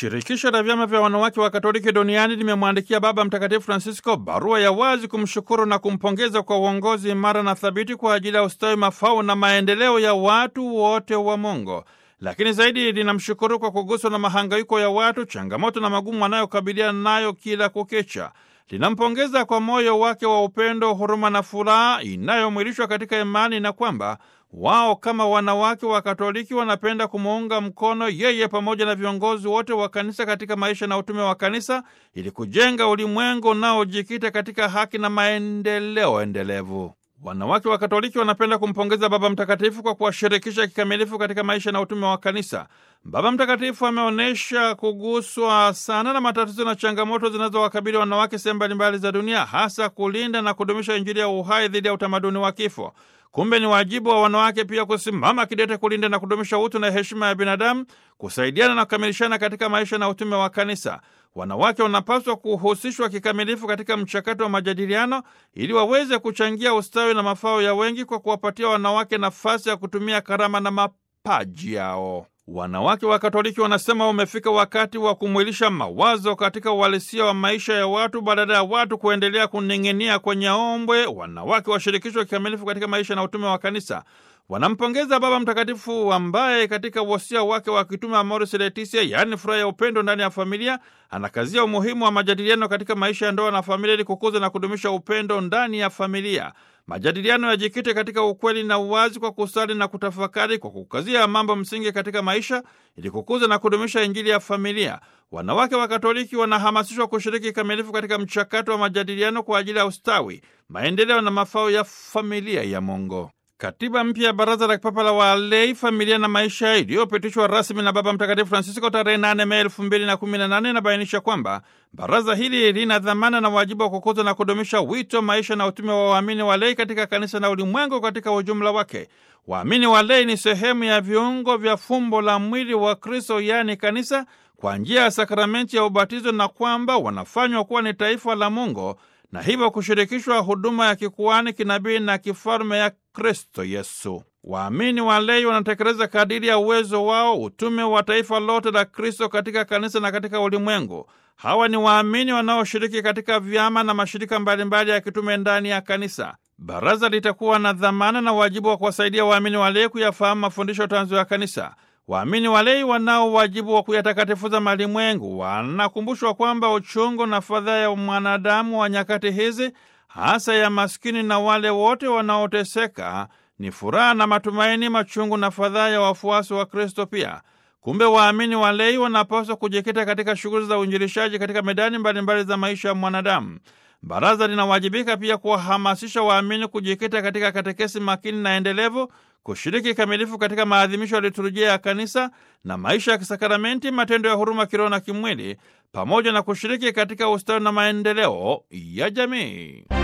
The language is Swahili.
Shirikisho la vyama vya wanawake wa Katoliki duniani limemwandikia Baba Mtakatifu Francisco barua ya wazi kumshukuru na kumpongeza kwa uongozi imara na thabiti kwa ajili ya ustawi, mafao na maendeleo ya watu wote wa Mungu. Lakini zaidi linamshukuru kwa kuguswa na mahangaiko ya watu, changamoto na magumu anayokabiliana nayo kila kukicha. Linampongeza kwa moyo wake wa upendo, huruma na furaha inayomwilishwa katika imani na kwamba wao kama wanawake wa Katoliki wanapenda kumuunga mkono yeye pamoja na viongozi wote wa kanisa katika maisha na utume wa kanisa ili kujenga ulimwengu unaojikita katika haki na maendeleo endelevu. Wanawake wa Katoliki wanapenda kumpongeza Baba Mtakatifu kwa kuwashirikisha kikamilifu katika maisha na utume wa kanisa. Baba Mtakatifu ameonyesha kuguswa sana na matatizo na changamoto zinazowakabili wanawake sehemu mbalimbali za dunia, hasa kulinda na kudumisha Injili ya uhai dhidi ya utamaduni wa kifo. Kumbe ni wajibu wa wanawake pia kusimama kidete kulinda na kudumisha utu na heshima ya binadamu, kusaidiana na kukamilishana katika maisha na utume wa kanisa. Wanawake wanapaswa kuhusishwa kikamilifu katika mchakato wa majadiliano ili waweze kuchangia ustawi na mafao ya wengi kwa kuwapatia wanawake nafasi ya kutumia karama na mapaji yao. Wanawake wa Katoliki wanasema umefika wakati wa kumwilisha mawazo katika uhalisia wa maisha ya watu badala ya watu kuendelea kuning'inia kwenye ombwe. Wanawake washirikishwe kikamilifu katika maisha na utume wa kanisa. Wanampongeza Baba Mtakatifu ambaye katika wosia wake wa kitume Amoris Laetitia, yaani furaha ya upendo ndani ya familia, anakazia umuhimu wa majadiliano katika maisha ya ndoa na familia ili kukuza na kudumisha upendo ndani ya familia. Majadiliano yajikite katika ukweli na uwazi kwa kusali na kutafakari kwa kukazia mambo msingi katika maisha ili kukuza na kudumisha Injili ya familia. Wanawake wa Katoliki wanahamasishwa kushiriki kikamilifu katika mchakato wa majadiliano kwa ajili ya ustawi, maendeleo na mafao ya familia ya Mungu. Katiba mpya ya Baraza la Kipapa la Walei, Familia na Maisha iliyopitishwa rasmi na Baba Mtakatifu Francisco tarehe 8 Mei 2018 inabainisha kwamba baraza hili lina dhamana na wajibu wa kukuza na kudumisha wito, maisha na utume wa waamini walei katika kanisa na ulimwengu katika ujumla wake. Waamini walei ni sehemu ya viungo vya fumbo la mwili wa Kristo, yaani kanisa, kwa njia ya sakramenti ya ubatizo, na kwamba wanafanywa kuwa ni taifa la Mungu na hivyo kushirikishwa huduma ya kikuani, kinabii na kifalme ya Kristo Yesu. Waamini walei wanatekeleza kadiri ya uwezo wao utume wa taifa lote la Kristo katika kanisa na katika ulimwengu. Hawa ni waamini wanaoshiriki katika vyama na mashirika mbalimbali ya kitume ndani ya kanisa. Baraza litakuwa na dhamana na wajibu wa kuwasaidia waamini walei kuyafahamu mafundisho tanzu ya kanisa. Waamini walei wanao wajibu wa kuyatakatifuza malimwengu. Wanakumbushwa kwamba uchungu na fadhaa ya mwanadamu wa nyakati hizi hasa ya maskini na wale wote wanaoteseka. Ni furaha na matumaini, machungu na fadhaa ya wafuasi wa Kristo pia. Kumbe waamini walei wanapaswa kujikita katika shughuli za uinjilishaji katika medani mbalimbali za maisha ya mwanadamu. Baraza linawajibika pia kuwahamasisha waamini kujikita katika katekesi makini na endelevu, kushiriki kikamilifu katika maadhimisho ya liturujia ya kanisa na maisha ya kisakramenti, matendo ya huruma kiroho na kimwili, pamoja na kushiriki katika ustawi na maendeleo ya jamii.